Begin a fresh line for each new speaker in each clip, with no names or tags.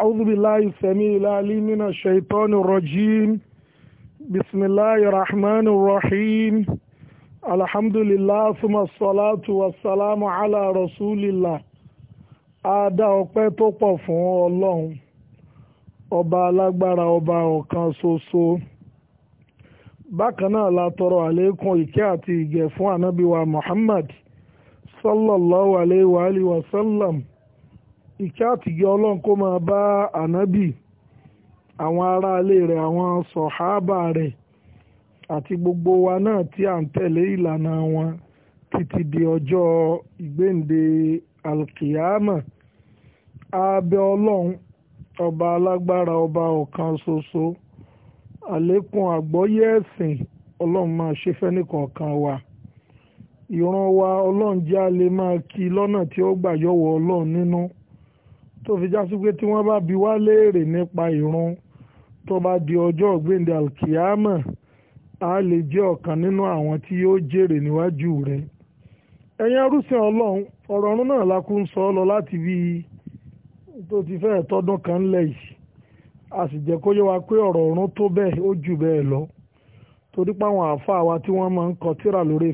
أعوذ بالله السميع العليم من الشيطان الرجيم بسم الله الرحمن الرحيم الحمد لله ثم الصلاة والسلام على رسول الله a dá ọpẹ́ tó pọ̀ fún Ọlọ́run ọba alágbára ọba ọ̀kan ṣoṣo bákan náà la tọrọ àlékún ìkẹ́ àti ìgẹ̀ fún ànábì wa Muhammad sallallahu alayhi wa alihi wa sallam. ìkẹ́ àtìgẹ́ ọlọ́run kó máa bá ànábì àwọn aráalé rẹ̀ àwọn sọ̀háàbà rẹ̀ àti gbogbo wa náà tí à ń tẹ̀lé ìlànà wọn títí di ọjọ́ ìgbéǹde alkiyama abẹ́ ọlọ́run ọba alágbára ọba ọ̀kan ṣoṣo àlékún àgbọ́yé ẹ̀sìn ọlọ́run máa ṣe fẹ́nìkọ̀ọ̀kan wa ìran wa ọlọ́run jẹ́ a lè máa kí lọ́nà tí ó gbà yọ̀wọ̀ ọlọ́run nínú. tó fi já pé tí wọ́n bá bi wá léèrè nípa ìrun tó bá di ọjọ́ alkiyama a lè jẹ́ ọ̀kan nínú àwọn tí yóò jèrè níwájú rẹ̀ ẹ̀yin arúsìn ọlọ́run ọ̀rọ̀ náà la sọ lọ láti bí tó ti fẹ́ẹ̀ kan lẹ̀ yìí a sì jẹ́ kó wa pé ọ̀rọ̀ ọ̀run tó bẹ́ẹ̀ ó lọ torí pé àwọn àáfàá wa tí wọ́n máa ń lórí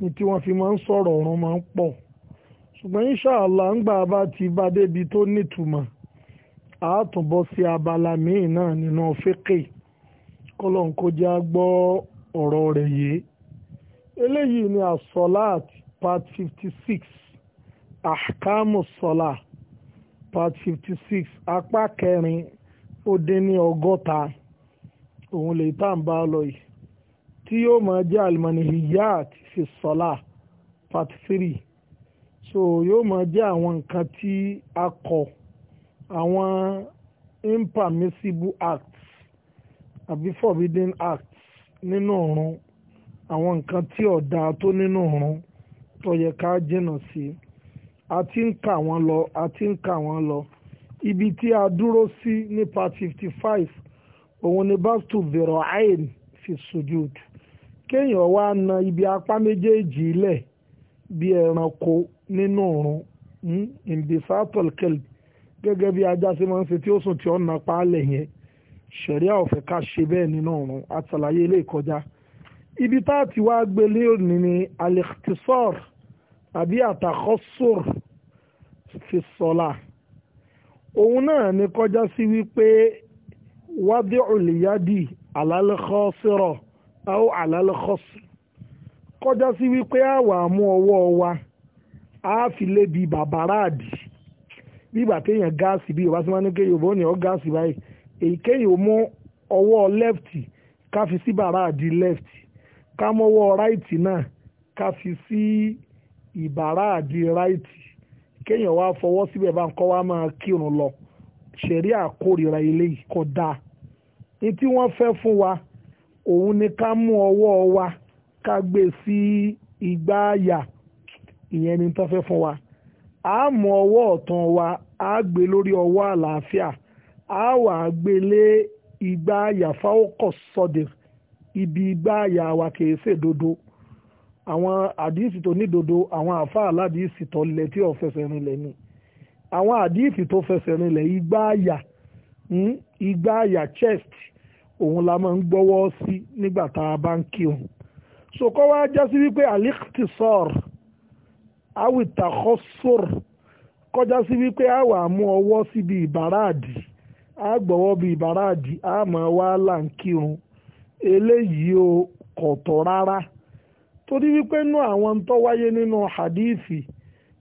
ni tí wọ́n fi máa ń sọ̀rọ̀ ọ̀run máa ṣùgbọ́n inṣàlá ńgbà bá ti bá débi tó nítumọ̀ àátúnbọ̀ sí abala míì náà nínú fẹ́kẹ̀ kọ́lọ́n kó já gbọ́ ọ̀rọ̀ rẹ̀ yìí eléyìí ni asolat part fifty six ahkamu sola part fifty six apá kẹrin ó dín ní ọgọ́ta òun lè tá à ń bá lọ yìí tí yóò máa jẹ́ alimọ̀nì hiyat fi sola part three. so yóò ma jẹ́ àwọn nǹkan tí a kọ àwọn impermissible acts àbí forbidden acts nínú ọ̀run àwọn nǹkan tí ọ̀dà tó nínú ọ̀run tó yẹ ká jìnnà sí a ti ń kà wọ́n lọ a ti ń kà wọ́n lọ ibi tí a dúró sí nipa 55 fifty five òun ni bastu vero ayn fi sujud kéèyàn wá na ibi apá méjèèjì lẹ̀ bí ẹranko nínú òrùn ìndìsátọ̀l kelb gẹ́gẹ́ bí ajá sí máa ń ṣe tí ó sùn tí ó na paálẹ̀ yẹn ṣẹ̀ríà ọ̀fẹ́ ká ṣe bẹ́ẹ̀ nínú òrùn àtàlàyé ilé ìkọjá ibi tá a ti wá gbé lónìí ni al-ikhtisar àbí àtàkọ́sùr fi sọ́la òun náà ni kọjá sí wípé wádìí òlìyádì alálẹ́kọ́sírọ̀ àwọn alálẹ́kọ́sí kọjá sí wípé àwa mú ọwọ́ Wa a fi lé bi bàbáraàdì bí ìgbà téèyàn gáàsì bí yorùbá sí máa ní ké yorùbá ó ní ọ gáàsì báyìí èyíkéyìí mú ọwọ́ lẹ́fìtì ká fi sí bàbáraàdì lẹ́fìtì ká mọ́wọ́ ráìtì náà ká fi sí ìbàraàdì ráìtì kéèyàn wá fọwọ́ síbẹ̀ bá ń kọ́ wá máa kírun lọ ṣẹ̀rí akorira ile kò dáa ní tí wọ́n fẹ́ fún wa òun ni ká mú ọwọ́ wa ká gbé sí igbá àyà ìyẹn ni tó fẹ́ fún wa a mú ọwọ́ ọ̀tàn wa a gbé lórí ọwọ́ àlàáfíà a wà gbé lé igbá àyà sọ́dẹ̀ ibi igbá àyà wa kìí dodo àwọn àdìsí tó ní dodo àwọn àáfàá aládìsí tó lẹ tí ò fẹsẹ̀ rinlẹ̀ ni àwọn àdìsí tó fẹsẹ̀ rinlẹ̀ igbá àyà hmm, igbá àyà chest òun la máa ń gbọ́wọ́ sí nígbà tá a bá ń kírun so kọ́ jásí wípé aliktisor. awitakosor kọjá sí wípé a wà mú ọwọ́ síbi ìbáraàdì a gbọ́wọ́ bí ìbáraàdì a máa wá là ń kírun eléyìí ò kọ̀tọ̀ rárá torí wípé nú àwọn tó wáyé nínú hadithi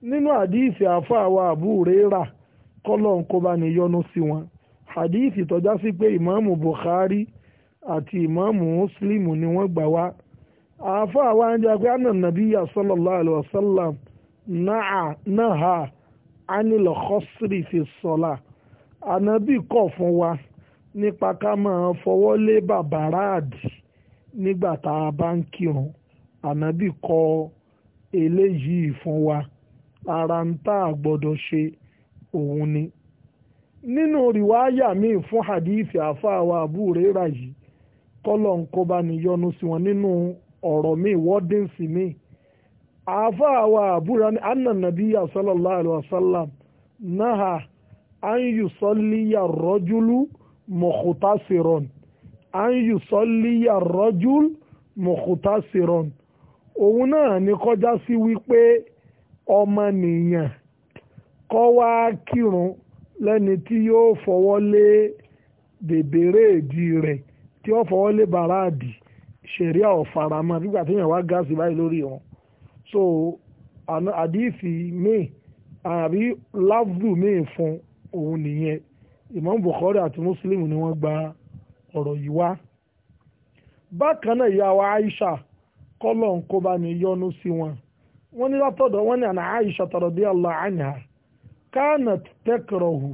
nínú hadithi àfàwà àbúrẹ́rà kọ́lọ̀ ń kó bá ní yọnu sí wọn hadithi tọ́já sí pé ìmáàmù Bukhari àti ìmáàmù Muslim ni wọ́n gbà wá àfàwà ń jẹ́ pé ànànàbíyà sallallahu alaihi náà anilọ̀ khosri fi sọ́la ànábì kọ̀ fún wa nípa ká máa fọwọ́ lé bàbáráàdì nígbà tá a bá ń kírun ànábì kọ eléyìí fún wa ara ń tá a gbọ́dọ̀ ṣe òun ni nínú rìwáyà míì fún hadithi àfáàwà àbúrẹ́ra yìí kọ́lọ̀ ń kó bá ní yọnu sí wọn nínú ọ̀rọ̀ míì wọ́dínsì míì àáfàá wa àbúrà ní annanabiya sallallahu alaihi wasallam náà an yusalliya rọ́júlù mọ̀kútàsírọ̀n an yusalliya rọ́júlù mọ̀kútàsírọ̀n òun náà ní kọjá sí wípé ọmọnìyàn kọ́ wá kírun lẹ́ni tí yóò fọwọ́ lé bèbèrè ìdí rẹ̀ tí ó fọwọ́ lé bàrá àdì ṣẹ̀ríà ọ̀faramọ́ nígbà tí èèyàn wá gáàsì báyìí lórí wọn so àdìsí míì àbí láfù míì fún òun nìyẹn Imam Bukhari àti Muslim ni wọ́n gba ọ̀rọ̀ yìí wá bákan náà ìyá wa Aisha kọ́lọ̀ ń kó bá ní yọ́nú sí wọn wọ́n ní látọ̀dọ̀ wọ́n ní àná Aisha radiyallahu anha kanat takrahu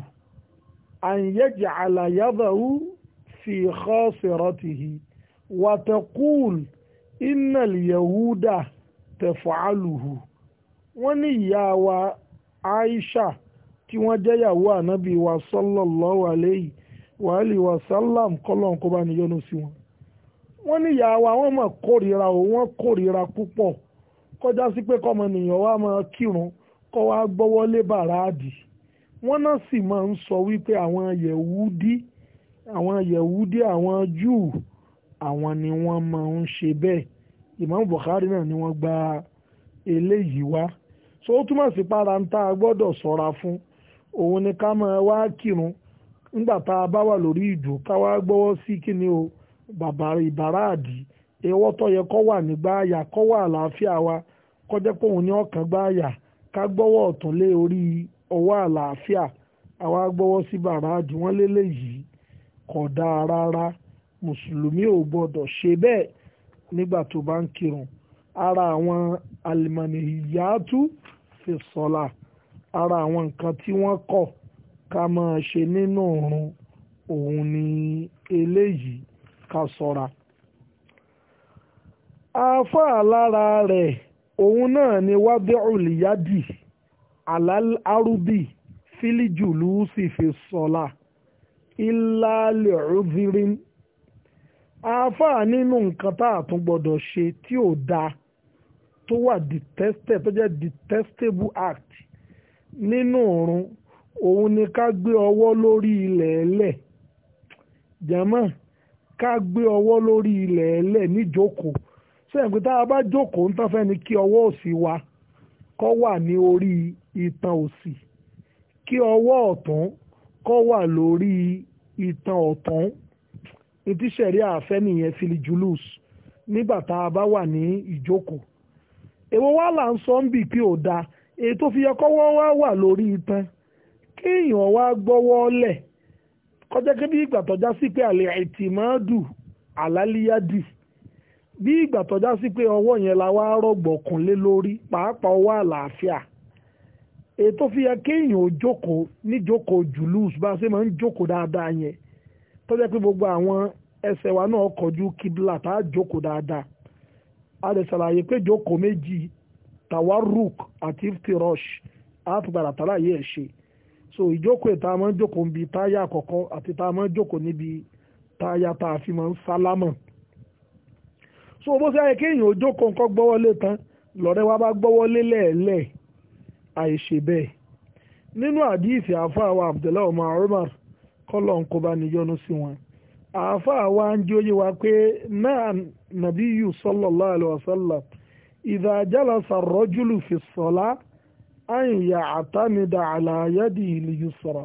an yaj'ala yadahu fi khasiratihi wa taqul innal yahuda tẹ̀fọ́ àlùhù wọ́n ní ìyá wa Aisha tí wọ́n jẹ́ ìyàwó ànábì wa sallallahu alayhi wa alihi wa sallam kọ́lọ́n kó bá níyọ́nú sí wọn. wọ́n ní ìyá wa wọ́n mọ̀ kórìíra o wọ́n kórìíra púpọ̀ kọjá sí pé kọ́mọnìyàn wa máa kírun kọ́ wa gbọ́wọ́lé bàràdì wọ́n náà sì máa ń sọ wípé àwọn yẹ̀wúdí àwọn yẹ̀wúdí àwọn júù àwọn ni wọ́n máa ń ṣe bẹ́ẹ̀ Imam buhari náà ni wọ́n gba eléyìí wá so ó túmọ̀ sí para ń tá a gbọ́dọ̀ sọ́ra fún òun ni ká máa wá kírun nígbà tá a bá wà lórí ìdù ká wá gbọ́wọ́ sí kíni o bàbá ìbára ewọ́ tó yẹ kọ́ wà nígbà àyà kọ́ wà àlàáfíà wa kọjá pé òun ni ọ̀kan gbá àyà ká gbọ́wọ́ ọ̀tún lé orí ọwọ́ àlàáfíà àwa gbọ́wọ́ sí bàrá àdì wọ́n lélẹ́yìí kódà rárá mùsùlùmí ò gbọ́dọ̀ ṣe bẹ́ẹ̀ nígbà tó bá ń kírun ara àwọn alimọ̀nì ìyáàtú fi sọ́la ara àwọn nǹkan tí wọ́n kọ̀ ká máa ṣe nínú òrun òun ni eléyìí ká sọ́ra. àáfàá lára rẹ̀ òun náà ni wábẹ́ọ̀lìyádì alárúbì fílíjùlù sì fi sọ́la ìlàlẹ̀ ọ̀dìrín Afa nínú nǹkan tá a tún gbọ́dọ̀ ṣe tí ò dáa tó wà detestable tó jẹ́ detestable act nínú òrun òun ni ká gbé ọwọ́ lórí ilẹ̀ ẹlẹ̀ jàmọ́ ká gbé ọwọ́ lórí ilẹ̀ ẹlẹ̀ níjókòó sẹ́yìn tá a bá jókòó ń tán fẹ́ ni kí ọwọ́ òsì wa kọ́ wà ní orí itan òsì kí ọwọ́ ọ̀tún kọ́ wà lórí itan ọ̀tún ìtísẹ̀rí àfẹ́ filijulus nígbà tá a bá wà ní ìjókòó èwo wá là ń sọ ń bì pé ò da èyí tó fi yẹ wá wà lórí itan kéèyàn wá gbọ́wọ́ lẹ̀ kọjá kí bí ìgbà tọ́já sí pé àlè àìtìmọ́dù àlálíyádì bí ìgbà tọ́já sí pé ọwọ́ yẹn la wá rọ̀gbọ̀kùn lé lórí pàápàá ọwọ́ àlàáfíà èyí tó fi yẹ kéèyàn ò jókòó níjókòó jùlùs bá a ṣe máa yẹn tó jẹ́ pé gbogbo àwọn ẹsẹ̀ wa náà kọjú kíbla tá a jókòó dáadáa a lè ṣàlàyé pé jókòó méjì tawaruk àti iftirosh a ti gbàdà tàlàyé ẹ̀ ṣe so ìjókòó ìta máa ń jókòó níbi táyà àkọ́kọ́ àti tá a máa ń jókòó níbi táyà tá a fi máa ń sálámọ̀ so bó ṣe ayé kéèyàn ó jókòó nǹkan gbọ́wọ́lé tán lọ́rẹ́ wa bá gbọ́wọ́lé lẹ́ẹ̀lẹ́ẹ̀ àìṣe bẹ́ẹ̀ nínú àdíìsì àfáàwọ̀ abdullahi omar umar kọlọ nkụba bá si sí Afọ àáfàá wa ń oyiwa kwe, na n'abi náà sallallahu alaihi wasallam idha jalasa rajulu fi sọlá an ya'tamida ala yadihi al-yusra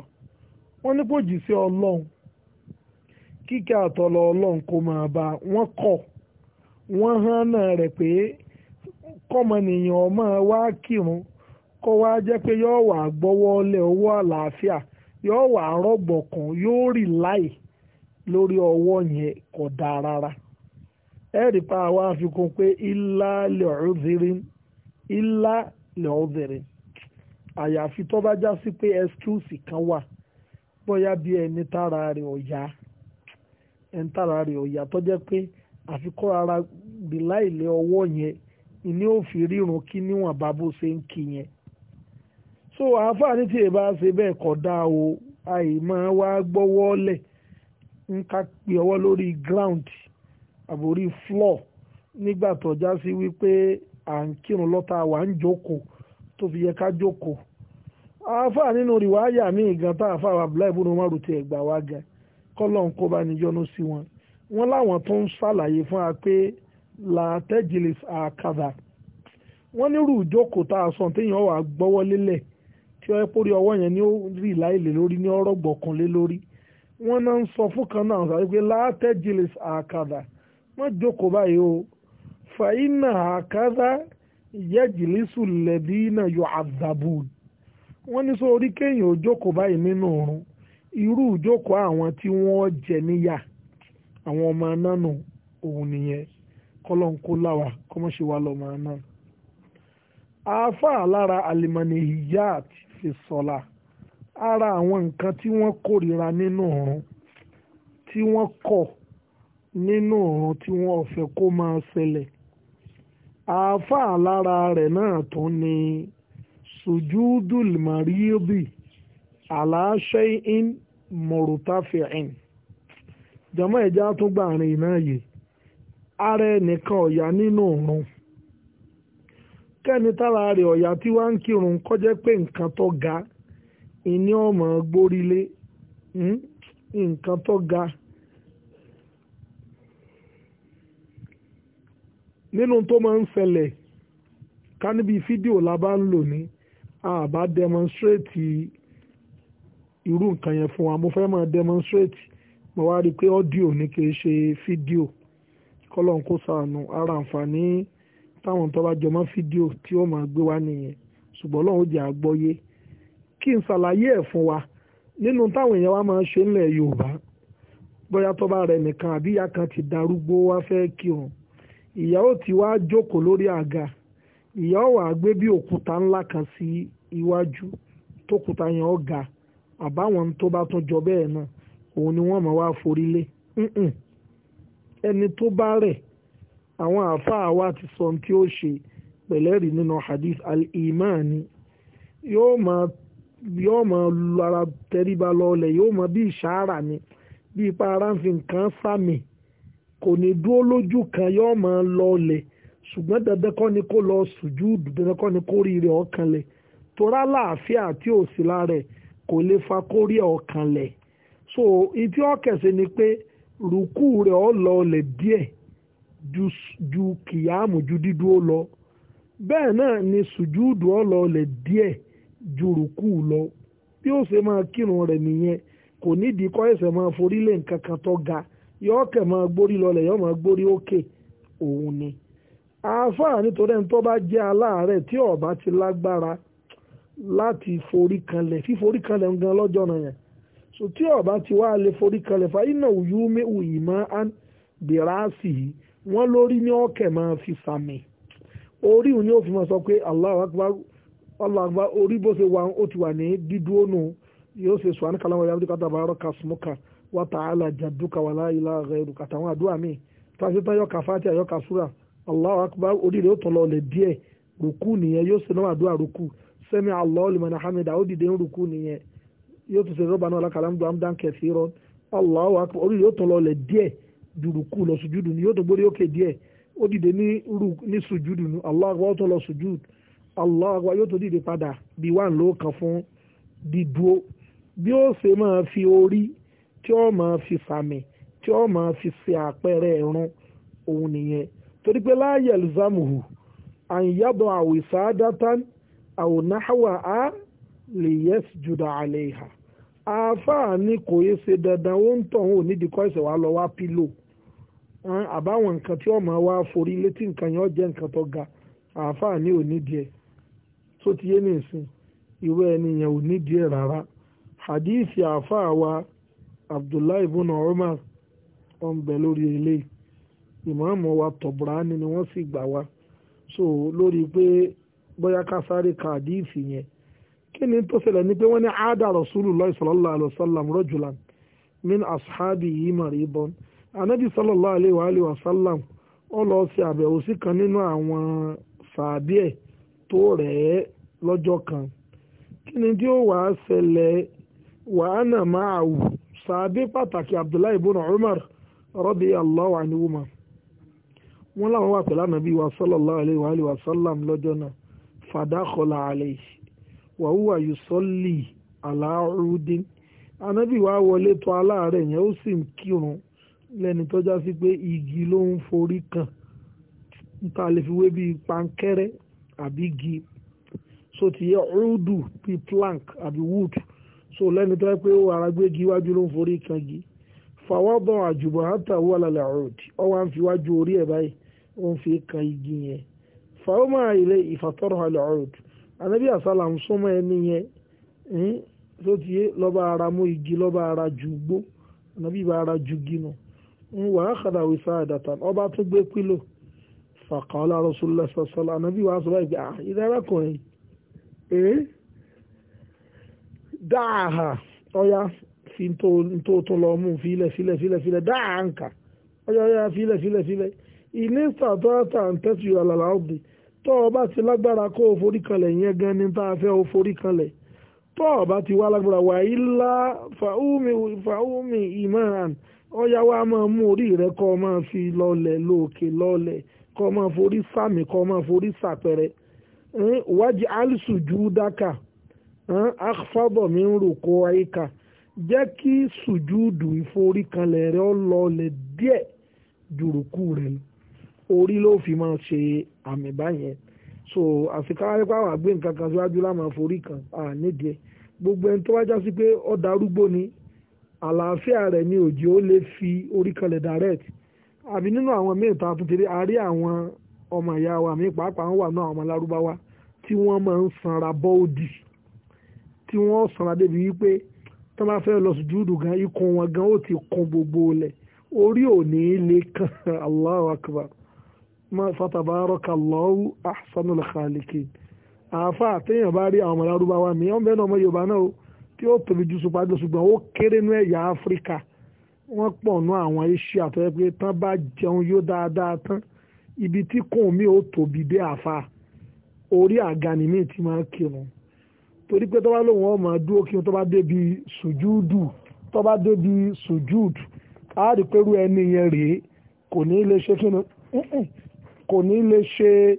wọ́n ní kó jì sí ọlọ́run kíkẹ́ àtọ̀lọ̀ ọlọ́run kó máa bá wọ́n kọ̀ wọ́n náà pé kírun wá jẹ́ pé wà gbọ́wọ́ àlàáfíà yóò wà rọ̀gbọ̀kàn yóò rì láì lórí ọwọ́ yẹn kò dáa rárá ẹ̀rí pa àwa àfikún pé ilá lẹ́ọ̀dẹ́rin ilá lẹ́ọ̀dẹ́rin àyàfi tó bá já sí pé kan wà bóyá bí ẹni tára rẹ̀ ọ̀yá ẹni tára rẹ̀ ọ̀yá tó jẹ́ pé àfikún ara ọwọ́ yẹn ni ó fi rírun kí níwọ̀n yẹn so àáfàá ní tí èèbá ṣe bẹ́ẹ̀ kọ̀ dáa o àìmọ́ wá gbọ́wọ́ lẹ̀ ń ká pè ọwọ́ lórí ground àbórí floor nígbà tó já sí wípé à ń kírun lọ́ta wà ń jókòó tó fi yẹ ká jókòó àáfàá nínú rìwáyà míì gan tá àáfàá Abdullahi ibn Umar ti ẹ̀gbà wá kọ́lọ̀ kọ́lọ́n kó bá níjọ́nú sí wọn wọn láwọn tó ń ṣàlàyé fún wa pé làtẹ́jìlì àkàdà wọn nírú ìjókòó tá a sọ téèyàn wà gbọ́wọ́ lélẹ̀ tí ó yẹ pórí ọwọ́ yẹn ní ó rí láìlè lórí ní ọ̀rọ̀ gbọ̀kànlé lórí wọ́n náà ń sọ fún kan náà sáré pé látẹ́jìlẹ̀ àkàdà wọ́n jókòó báyìí o fàyínà àkàdà yẹ́jìlísù lẹ̀bí náà yọ àzàbù wọ́n ní sọ orí kéèyàn ó jókòó báyìí nínú òrun irú ìjókòó àwọn tí wọ́n jẹ níyà àwọn ọmọ anánu òun nìyẹn kọ́lọ́nkó kọ́mọ́ṣe wa lọ́mọ anánu àáfàá lára àlìmọ̀nì hijab fi sọ́la ara àwọn nǹkan tí wọ́n kórìíra nínú ọ̀run tí wọ́n kọ̀ nínú ọ̀run tí wọ́n ọ̀fẹ́ kó máa ṣẹlẹ̀ àáfàá lára rẹ̀ náà tún ni sujudul mariyubi aláṣẹ́yìn mọ̀rútàfẹ́yìn jọmọ́ ẹ̀já tún gbà rìn náà yìí ara ẹnìkan ọ̀yà nínú ọ̀run kẹ́ni tára rẹ̀ ọ̀yà tí wàá ń kírun kọjẹ́ pé nǹkan tó ga ìní ọmọ gbórílé hmm? nǹkan tó ga. nínú tó máa ń ṣẹlẹ̀ ká níbi fídíò la bá ń lò ní àbá demonstrate irú nǹkan yẹn fún wa mo fẹ́ máa demonstrate mo wá rí i pé ọ́díò ni kì í ṣe fídíò kọ́lọ́n kó sànù ara àǹfààní. táwọn tó bá jọmọ́ fídíò tí ó máa gbé wá nìyẹn ṣùgbọ́n ọlọ́run jẹ́ àgbọ́yé kí n ṣàlàyé ẹ̀ fún wa nínú táwọn èèyàn wa máa ń ṣe ńlẹ̀ yorùbá bóyá tó bá rẹ nìkan àbíyá kan ti darúgbó wá fẹ́ kírun ìyá ó ti wá jókòó lórí àga ìyá ó wàá gbé bí òkúta ńlá kan sí iwájú tókúta yẹn ó ga àbáwọn tó bá tún jọ bẹ́ẹ̀ náà òun ni wọ́n máa wá forí ẹni tó bá rẹ̀ àwọn àáfàá wa ti sọ tí ó ṣe pẹ̀lẹ́rì nínú hadith al-imani yóò máa yóò máa lu ara tẹríba lọ́ọ̀lẹ̀ yóò máa bí ìṣàárà ni bí ipa ara ń fi nǹkan sàmì kò ní dúró lójú kan yóò máa lọ́ọ̀lẹ̀ ṣùgbọ́n dandan kọ́ ni kó lọ sùjúùdù dandan kọ́ ni kó rí rẹ̀ ọkàn lẹ̀ torá láàfíà tí ò sí lára ẹ̀ kò lè fa kó rí ọkàn lẹ̀ so ìtí ọ̀kẹ̀sẹ̀ ni pé rùkú rẹ̀ ọ̀ lọ́ọ̀lẹ̀ díẹ̀ ju kìyàmù ju dídú ó lọ bẹ́ẹ̀ náà ni sùjúùdù ọlọ lè díẹ̀ jùrùkú lọ bí ó ṣe máa kírun rẹ̀ nìyẹn kò nídìí kọ́ ẹ̀sẹ̀ máa forí lè nǹkan kan tó ga yọ ọkẹ́ máa gbórí lọlẹ̀ yọ máa gbórí òkè òun ni. àáfàá nítorí ẹni tó bá jẹ́ aláàárẹ̀ tí ọba ti lágbára láti forí kanlẹ̀ fíforí kanlẹ̀ ń gan lọ́jọ́ náà yẹn so tí ọba ti wá lè forí kanlẹ̀ fa iná òyìnbó ìmọ̀ á gbèrà sí yìí wọ́n lórí ní ọ̀kẹ́ máa fi sàmì orí òun ni ó fi máa sọ pé Allahu Akbar Allahu Akbar orí bó ṣe wà ó ti wà ní dídúró nù yóò ṣe sùn àníkàlà wọn yàtọ̀ bàárọ̀ kàṣmọ́kà wa ta'ala jadduka wa la ilaha ghairuka àtàwọn àdúrà míì tàṣetán yọkà fàtí àyọkà súrà Allahu Akbar orí rẹ̀ ó tọ̀ lọ́ọ̀lẹ̀ díẹ̀ rùkú nìyẹn yóò ṣe náà àdúrà rùkú sẹ́mi Allahu liman hamida ó dìde ń rùkú jùrùkú lọ sùjúdù ni yóò tó gbórí òkè díẹ̀ ó dìde ní sùjúdù ni Allahu Akbar ó tó lọ sùjúdù Allahu Akbar yóò tó dìde padà bí wà ló kàn fún dídúó bí ó ṣe máa fi orí tí ó máa fi sàmì tí ó máa fi ṣe àpẹẹrẹ ẹ̀rùn òun nìyẹn torí pé la yalzamuhu an yad'a wisadatan aw nahwaha li yasjuda alayha àáfàá ni kò yẹ ṣe dandan ó ń tọ̀hún ò nídìí kọ́ ẹ̀sẹ̀ wá lọ wá pílò àbáwọn nǹkan tí ọmọ wa forí létí nǹkan yẹn ó jẹ́ nǹkan tó ga àáfàá ní onídìí ẹ̀ tó ti yé nìsín ìwé ẹni yẹn ò nídìí ẹ̀ rárá hadithi àáfàá wa abdullahi ibn umar ọ̀nbẹ lórí eléyìí ìmáàmù wa tọ̀bùránì ni wọ́n sì gbà wá so lórí pé bóyá ká sáré ka hadithi yẹn kí ni tó ṣẹlẹ̀ ni pé wọ́n ní àádà rasulullah sallallahu alaihi wasallam rajulan min ashabihi maridun anabi sallallahu alayhi wa alayhi wa sallam ó kan ninu awọn saabi ẹ̀ to rẹ lọjọ kan kí wa tí wa wàá ṣẹlẹ̀ wàá nà máa wù sàábì abdullahi ibn umar radiyallahu anhuma wọn láwọn wà pẹ̀lú wa sallallahu wa alayhi lọjọ fada wa huwa ala wa wọlé tó yẹn ó sì lẹ́ni tó já sí pé igi ló ń forí kan níta lè fi wé bíi pankẹ́rẹ́ so ti yẹ rúdù plank àbí wood so lẹ́ni tó yẹ pé ó ara iwájú ló ń forí kan gi fàwọ́dọ̀ àjùbọ̀ àtàwọ̀ àlàlẹ̀ àròdì ọ wá ń fi wájú orí ẹ̀ báyìí ó ń fi kan igi yẹn fàwọ́ máa ilé ìfàtọ́rọ̀ àlẹ̀ àròdì ànábì àsálà ń súnmọ́ ẹni yẹn tó ti tiye lọ́ba ara mú igi lọ́ba ara jù gbó ara jù gínú ń wà á kàdà wíṣà àdàtà ọba tó gbé pílò fàkàọ́lá rasulullah sọ́sọ́lá ànábì wàá sọ báyìí pé à ah, ìdárakùnrin èé eh? dáàhà ọ̀yá fi tó tó lọ mú filẹ̀ filẹ̀ filẹ̀ filẹ̀ dáàhà ń kà ọ̀yá ọ̀yá filẹ̀ filẹ̀ filẹ̀ ilé ìsàtọ́ àtàǹtẹ́tù àlàlà ọ̀gbìn tọ́ ọba ti lágbára kó o forí kanlẹ̀ yẹn gan ni tá a fẹ́ o forí tọ́ ọba ti wá lágbára wà á ilá fàúmi ìmọ̀ràn ọ̀yá wa máa mú orí rẹ kọ́ ọ máa fi lọ́lẹ̀ lóòkè lọ́lẹ̀ kọ́ ọ máa forí sàmì kọ́ ọ máa forí sàpẹrẹ wájú alìsù jù dákà àfàbọ̀ mi ń rò kó àyíká jẹ́ kí sùjúùdù ìforíkanlẹ̀ rẹ ọ lọ́lẹ̀ díẹ̀ jùrùkú rẹ orí ló fi máa ṣe àmì báyẹn so àfikà wípé àwọn àgbẹ̀ nǹkan kan síwájú láwọn àforí kan à nídìí gbogbo ẹni tó wájá sí pé ọ̀dà arúgbó ni àlàáfíà rẹ̀ ní òjì ó lè fi orí kanlẹ̀ direct àbí nínú àwọn míì tá a tún tẹ̀lé àárí àwọn ọmọ ìyá wa mi pàápàá wà náà ọmọ lárúbáwá tí wọ́n máa ń sanra bọ́ọ̀dì tí wọ́n sanra débi wípé tó bá fẹ́ lọ sùjúdù gan ikùn wọn gan ó ti kun gbogbo lẹ̀ orí ò ní í Allahu akbar ma fatabaraka Allahu ahsanul khaliqin àáfà téèyàn bá rí àwọn ọmọ lárúbáwá mi ọmọ bẹ́ẹ̀ náà ọmọ Yorùbá náà tí ó tóbi ju super eagles ṣùgbọ́n ó kéré ní ẹ̀yà áfíríkà wọ́n pọ̀ nú àwọn asia tó yẹ pé tán bá jẹun yó dáadáa tán ibi tí kùn mí ò tóbi dé àfa orí àga ni mí ti máa kírun torí pé tó bá lóun ọmọ dúró kí wọn tó bá débi sùjúdù tó bá débi sùjúdù á pẹ̀lú ẹni yẹn rèé kò ní lè ṣe kí ni kò ní lè ṣe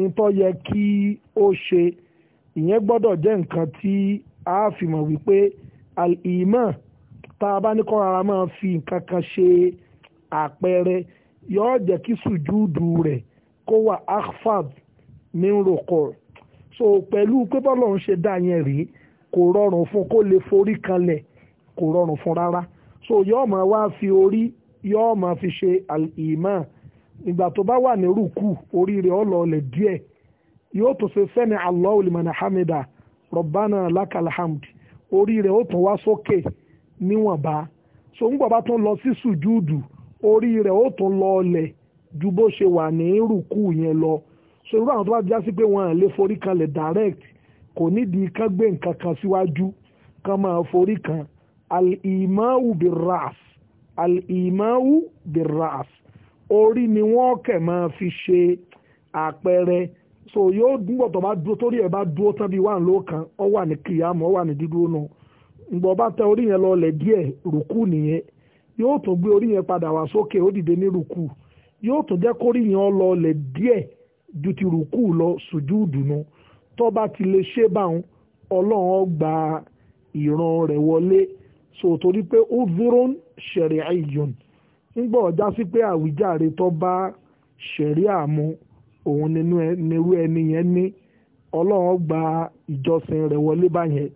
ìtọ́ yẹ kí ó ṣe ìyẹn gbọ́dọ̀ jẹ́ nǹkan tí a fi mọ̀ wípé al-iman tá a bá ní kọ́ ara máa fi nǹkan kan ṣe àpẹẹrẹ yóò jẹ́ kí sùjúdù rẹ̀ kó wà akhfad ní rọ̀kọ̀ so pẹ̀lú pé bọ́lọ́run ṣe dá yẹn rèé kò rọrùn fún kó lè forí kanlẹ̀ kò rọrùn fún rárá so yóò máa wá fi orí yóò máa fi ṣe al-iman ìgbà tó bá wà ní rúkú orí rẹ̀ díẹ̀ yóò tó ṣe sẹ́ni Allahu hamida rọ̀bánà lákàlàhàmd orí rẹ̀ ó tún wá sókè níwọ̀nba so ń gbọ̀bá tún lọ sí sùjúùdù orí rẹ̀ ó tún lọ ọlẹ̀ ju bó ṣe wà ní rùkú yẹn lọ so irú àwọn tó bá já sí pé wọn lè forí kanlẹ̀ direct kò nídìí kán gbé nǹkan kan síwájú kán máa forí kan al-imau bir-ras al-imau bir-ras orí ni wọ́n kẹ̀ máa fi ṣe àpẹẹrẹ so yóò dúngbọ̀ tó bá dúró torí ẹ̀ bá dúró tán bíi wà ń lóòkan ọ wà ní kìyàmù ọ wà ní dídúró náà ǹgbọ́n bá tẹ orí yẹn díẹ̀ rùkú nìyẹn yóò tún gbé orí yẹn padà wá sókè ó dìde ní rùkú yóò tún jẹ́ kórí yẹn díẹ̀ ju ti rùkú lọ sùjúùdù udunu tó bá ti lè ṣe báwọn ọlọ́run gba ìran rẹ̀ so torí pé ó dúró ṣẹ̀rẹ̀ àìyàn òun nínú ẹnirú ẹni yẹn ní ọlọ́run gba ìjọsìn rẹ̀ wọlé báyẹn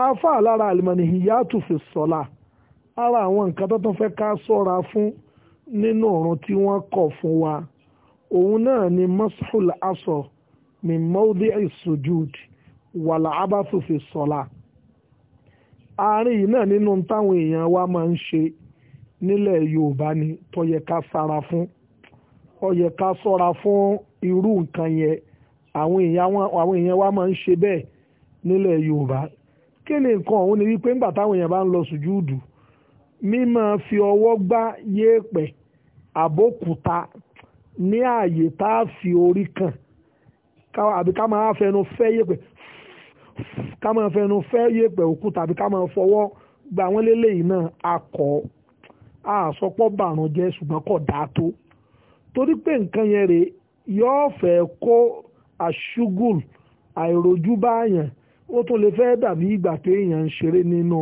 àáfàá lára àlùmọ́nì ìyáàtù fi sọ́la ara àwọn nǹkan tó tún fẹ́ ká sọ́ra fún nínú ọ̀run tí wọ́n kọ̀ fún wa òun náà ni mashul aso min mawdi isujud wàlà abathu fi sọ́la àárín yìí náà nínú táwọn èèyàn wa máa ń ṣe nílẹ̀ yorùbá ni tó yẹ ká sára fún ó yẹ ká sọ́ra fún irú nǹkan yẹn àwọn èèyàn wa máa ń ṣe bẹ́ẹ̀ nílẹ̀ Yorùbá kí ni nǹkan ọ̀hún ni wípé nígbà táwọn èèyàn bá ń lọ sùjúùdù mímọ́ fi ọwọ́ gbá yéèpẹ̀ àbókúta ní ààyè tá a fi orí kàn àbí ká máa fẹnu fẹ́ yéèpẹ̀ ká máa fẹnu fẹ́ yéèpẹ̀ òkúta àbí ká máa fọwọ́ gbà wọ́n lélẹ́yìn náà akọ̀ àsọpọ̀ bàrùn jẹ́ ṣùgbọ́n kò dáa tó torí pé nǹkan yẹn rèé yóò fẹ́ kó àṣùgùl àìrojú báyàn ó tún lè fẹ́ dàbí ìgbà téèyàn ń ṣeré nínú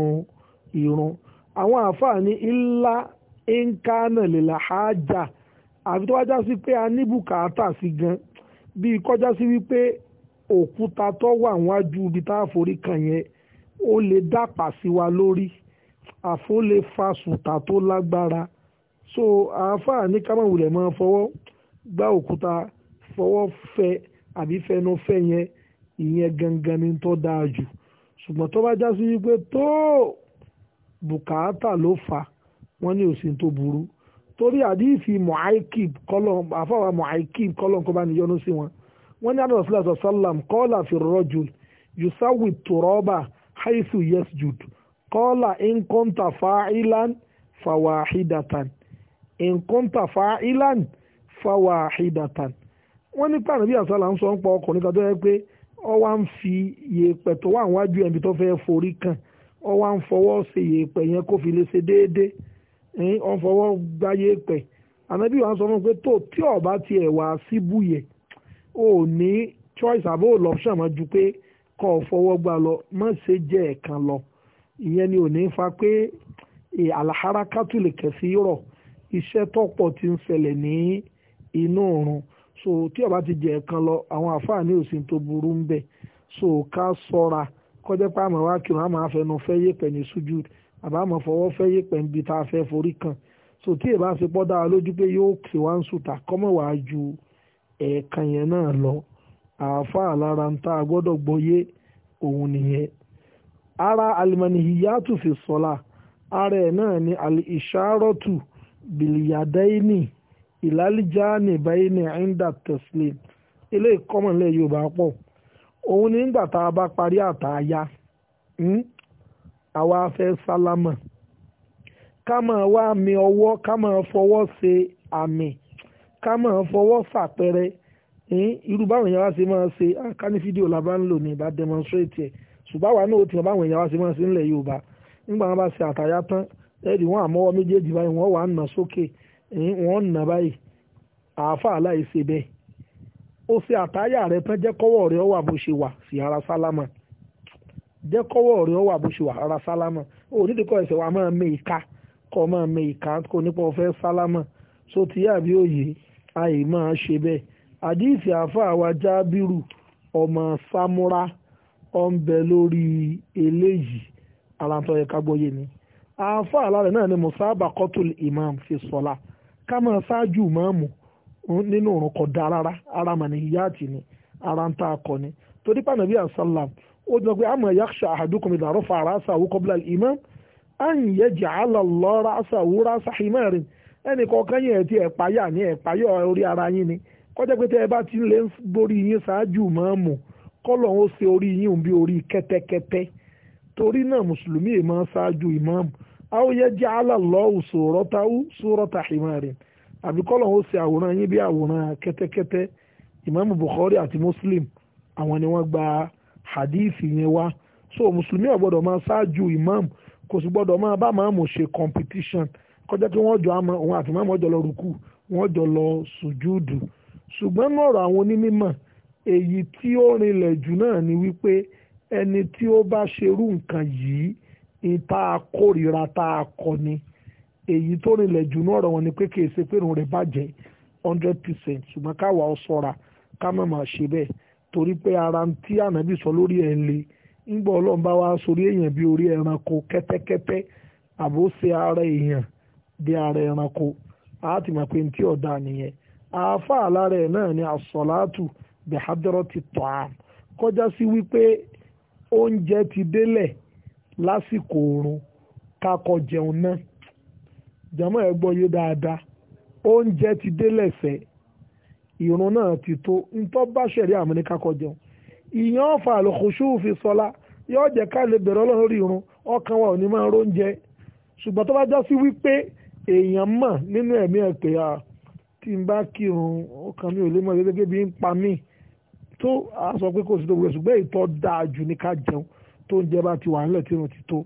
ìrun àwọn àǹfààní ńlá ńkánà lè là àfi tó wájá sí pé a ní bùkátà sí gan bí kọjá sí wípé òkúta tó wà wájú ibi tá a forí kan yẹn ó lè dápà sí wa lórí àfó lè fa sùtà tó lágbára so àáfàá ní kámọ̀wù rẹ̀ máa fọwọ́ gbá òkúta fọwọ́ fẹ àbí fẹnu fẹ yẹn ìyẹn gangan ni tó dáa jù ṣùgbọ́n tó bá já sí wípé tó bùkátà ló fà wọ́n ní òsín tó burú torí àdífi muhaikib kọ́lọ̀ àfọwà muhaikib kọ́lọ̀ kó bá ní yọnu sí wọn wọ́n ní àdàlọ́ sílẹ̀ sọ́làm kọ́là fi rọ́jùl yusawi turọ́bà haisu yesjud kọ́là inkonta fa'ilan fawahidatan nkúntà fa ilan fáwa àhídàtàn wọ́n ní pààrọ̀ bí àṣàlà ń sọ ń pa ọkùnrin kan tó yẹ pé ọ wá ń fi yèèpẹ̀ tó wà níwájú ẹ̀mí tó fẹ́ forí kàn ọ wá ń fọwọ́ ṣe yèèpẹ̀ yẹn kó fi lè ṣe déédéé ọ ń fọwọ́ gbá yèèpẹ̀ ànábì wa sọ fún pé tó tí ọba tiẹ̀ wá síbúyẹ̀ ò ní choice àbó lọ́pṣàn mọ́ ju pé kọ́ ọ fọwọ́ lọ mọ́ ṣe jẹ́ ẹ̀kan lọ ìyẹn ni ò ní fa pé àlàhárà kátùlẹ̀ kẹ̀sí rọ̀ iṣẹ́ tọ́pọ̀ ti ń ṣẹlẹ̀ ní inú oorun so tí ọba ti jẹ ẹ̀kan lọ àwọn àfáàní òsín tó burú ń bẹ̀ so ká sọ́ra kọjá pé àmọ́ wá kírun àmọ́ àfẹnu fẹ́ yẹ̀pẹ̀ ní sójú àbá àmọ́ fọwọ́ fẹ́ yẹ̀pẹ̀ níbi tá a fẹ́ forí kan so tí ìbá ṣe pọ́ dára lójú pé yóò ṣe wá ń sùtà kọ́mọ̀ wá ju ẹ̀ẹ̀kan yẹn náà lọ àáfàá lára ń tá gbọ́dọ̀ gbọ́yé òun nìyẹn ara alimani hiyatu fi sọ́la ara ẹ̀ náà ni alìṣàrọ́tù bìlìyàdẹ́ìnì ìlàlìjáàní bẹ́ẹ̀ni ẹ̀ńdà tẹ̀sílẹ̀ eléyìí kọ́mọ̀ nílẹ̀ yorùbá pọ̀ òun ni nígbà tá a bá parí àtàyà hmm, àwa fẹ́ sálámà ká máa wá mi ọwọ́ ká máa fọwọ́ ṣe àmì ká máa fọwọ́ ṣàpẹrẹ hmm, irú báwọn èèyàn wá máa ṣe káni fídíò la ń lò ní ìbá demonstrate ẹ̀ ṣùgbọ́n àwa náà ó ti hàn báwọn máa ṣe yorùbá nígbà wọn bá ṣe àtàyà ẹ̀rí wọn àmọ́wọ́ méjèèjì báyìí wọ́n wà ń nà sókè wọ́n ń nà báyìí àáfà aláìsè bẹ́ẹ̀ ó ṣe àtáyà rẹ tán jẹ́ kọ́wọ́ rẹ bó ara sálámà jẹ́ kọ́wọ́ rẹ ọwà bó ṣe wà ara sálámà ó nídìí kọ́ ẹ̀sẹ̀ wa máa mẹ ìka kọ́ máa mẹ ìka kó nípa ọ̀fẹ́ sálámà so ti yá àbí òye àì máa ṣe bẹ́ẹ̀ àdíìsì àáfà wa ọmọ samura ọ̀ ń bẹ lórí eléyìí àáfà alárẹ̀ náà ni musaba kọtul imam fi sọ́lá ká máa ṣáájú ìmáàmù nínú òrùn rárá ara mà ní ìyá àti ni ara ń tá kọ ni torí pé ànábì àṣàlám ó dùn pé al-imam an yaj'ala Allah ra'sahu ra'sa ẹnì yẹn ti ní ara yín ni kọjá pé tẹ́ ẹ bá ti ń lé borí yín ṣáájú ó ṣe orí yín bí orí torí àwòyẹ jẹ́ aláàlọ́wù sòrọ́tàwù sòrọ́tà himarin àbí kọ́lọ̀ ó ṣe àwòrán yín bí àwòrán kẹ́tẹ́kẹ́tẹ́ ìmáàmù Bukhari àti Muslim àwọn ni wọ́n gba hadith yẹn wá so mùsùlùmí ọ̀gbọ́dọ̀ máa ṣáájú ìmáàmù kò sì gbọ́dọ̀ máa bá màmù ṣe competition kọjá kí wọ́n jọ àmọ́ òun àti màmù ọjọ́ lọ rúkú wọ́n jọ lọ sùjúdù ṣùgbọ́n lọ́rọ̀ àwọn onímọ̀ ìta kórìíra tá a kọ ni èyí tó rìnlẹ̀ jù náà ọ̀rọ̀ wọn ni pé kì í ṣe pé rẹ̀ bàjẹ́ hundred percent ṣùgbọ́n káwa ọ sọ́ra ká má ṣe bẹ́ẹ̀ torí ara ń tí ànábì sọ lórí ẹ̀ ń le ńgbọ́ ọlọ́run bá wá sórí èèyàn orí ẹranko kẹ́tẹ́kẹ́tẹ́ àbó ṣe ara èèyàn bí ara ẹranko a ti mọ̀ pé tí ọ̀dà nìyẹn ni àsọ̀látù bẹ̀hádọ́rọ́ ti tọ̀ kọjá sí wípé oúnjẹ ti délẹ̀ lásìkò oorun kakọ jẹun náà jàmọ́ ẹ gbọ́ yé dáadáa oúnjẹ ti dé lẹ́sẹ̀ ìrun náà ti tó ntọ́ bá ṣẹ̀rí àmì ní kakọ jẹun ìyẹn ọ̀fà àlòkùnṣù fi sọlá yóò jẹ́ ká lè bẹ̀rẹ̀ ọlọ́run lórí ìrun ọkàn wa ò ní máa róúnjẹ ṣùgbọ́n tó bá já sí wípé èèyàn mọ̀ nínú ẹ̀mí ẹ̀ pé tí n bá kírun ọkàn mi ò lè mọ̀ gẹ́gẹ́ bí n pa mí tó a sọ pé kò sí tó wúlò ṣùgbọ́n ìtọ́ dáa jù ní ká jẹun tó ń jẹ bá ti wà ńlẹ̀ tírun ti tó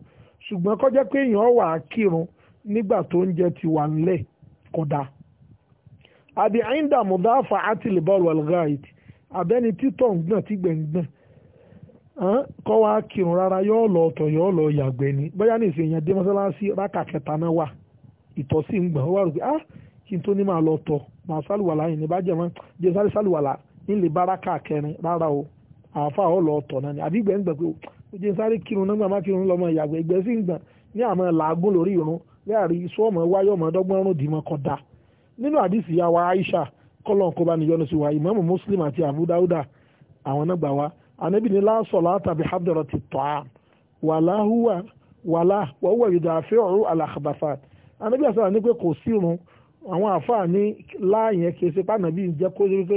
ṣùgbọ́n kó pé èèyàn wà á kírun nígbà tó ń jẹ ti wà ńlẹ̀ àbí àyíǹda mọ̀dáfà àti abẹ́ni títọ̀ ń gbọ̀n tí kọ́ kírun rárá yóò lọ ọ̀tọ̀ yóò lọ yàgbẹ́ ni bóyá ní ìsìn èèyàn dé mọ́sálásí rákà kẹta náà wà sí ń gbọ̀n ó wà rò pé ah, kí n tó ní máa lọ tọ̀ máa sálùwàlà yìí ní bá jẹ̀ mọ́ jẹ́ sálùwàlà ńlẹ̀ bá jẹ́ sáré kírun nígbà má kírun lọ́mọ ìyàgbẹ́ ìgbẹ́ sí ìgbà ní àmọ́ làágùn lórí ìrun láàrin iṣu ọmọ wáyé ọmọ ọdọ́gbọ́n rún dìímọ̀ kọ́dà nínú àdìsí yà wá Aisha kọ́lọ́n kó bá níyọnu sí wa Ìmáàmù Muslim àti Abu Dauda àwọn náà gbà wá anabi ni láàsọ̀ látàbí habdọ̀rọ̀ ti tọ́ a wàlá húwà wàlá wọ́wọ́ ìdàfẹ́ ọ̀rọ̀ alàkàbàfà anabi àṣà ní pé kò sí irun àwọn àfáà ní láàyè kèsì pàànàbí ìjẹ́ kó rí pé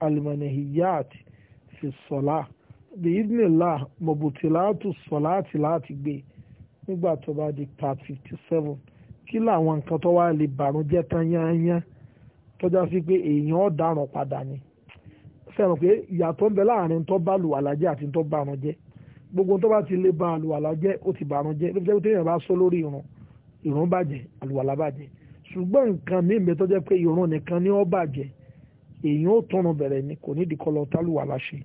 almanahiyat fi sọlá biidnillah mọ̀bùtìláàtù sọlá àti láti gbé nígbà tó bá di part fifty seven kí làwọn nǹkan tó wá lè bàrúnjẹ́ tán yányán tọ́já sí pé èèyàn ọ̀daràn padà ni fẹ́ràn pé ìyàtọ̀ ń bẹ láàrin tó bá lù àlàjẹ́ àti tó bá àrùn jẹ́ gbogbo tó bá ti lè ba àlùwàlà jẹ́ ó ti ba àrùn jẹ́ ló fi jẹ́ bá sọ lórí ìrun ìrun bàjẹ́ àlùwàlà bàjẹ́ ṣùgbọ́n nǹkan míì mẹ́tọ́ jẹ́ pé ìrun nìkan ni ó bàjẹ́ èyí ó tọrùn bẹ̀rẹ̀ ni kò nídìí kọ́ lọ tálùwà láṣẹ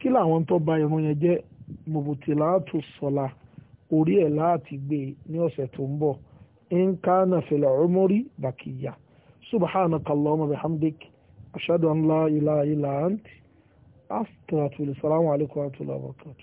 kí làwọn tó ba irun yẹn jẹ́ mubutilaatu sọ̀la orí ẹ̀ láti gbé e ní ọ̀sẹ̀ tó ń bọ̀ in kana fil umri bakiya subhanakallahumma bihamdik ashhadu an la ilaha illa ant astaghfiruka wa rahmatullahi wa barakatuh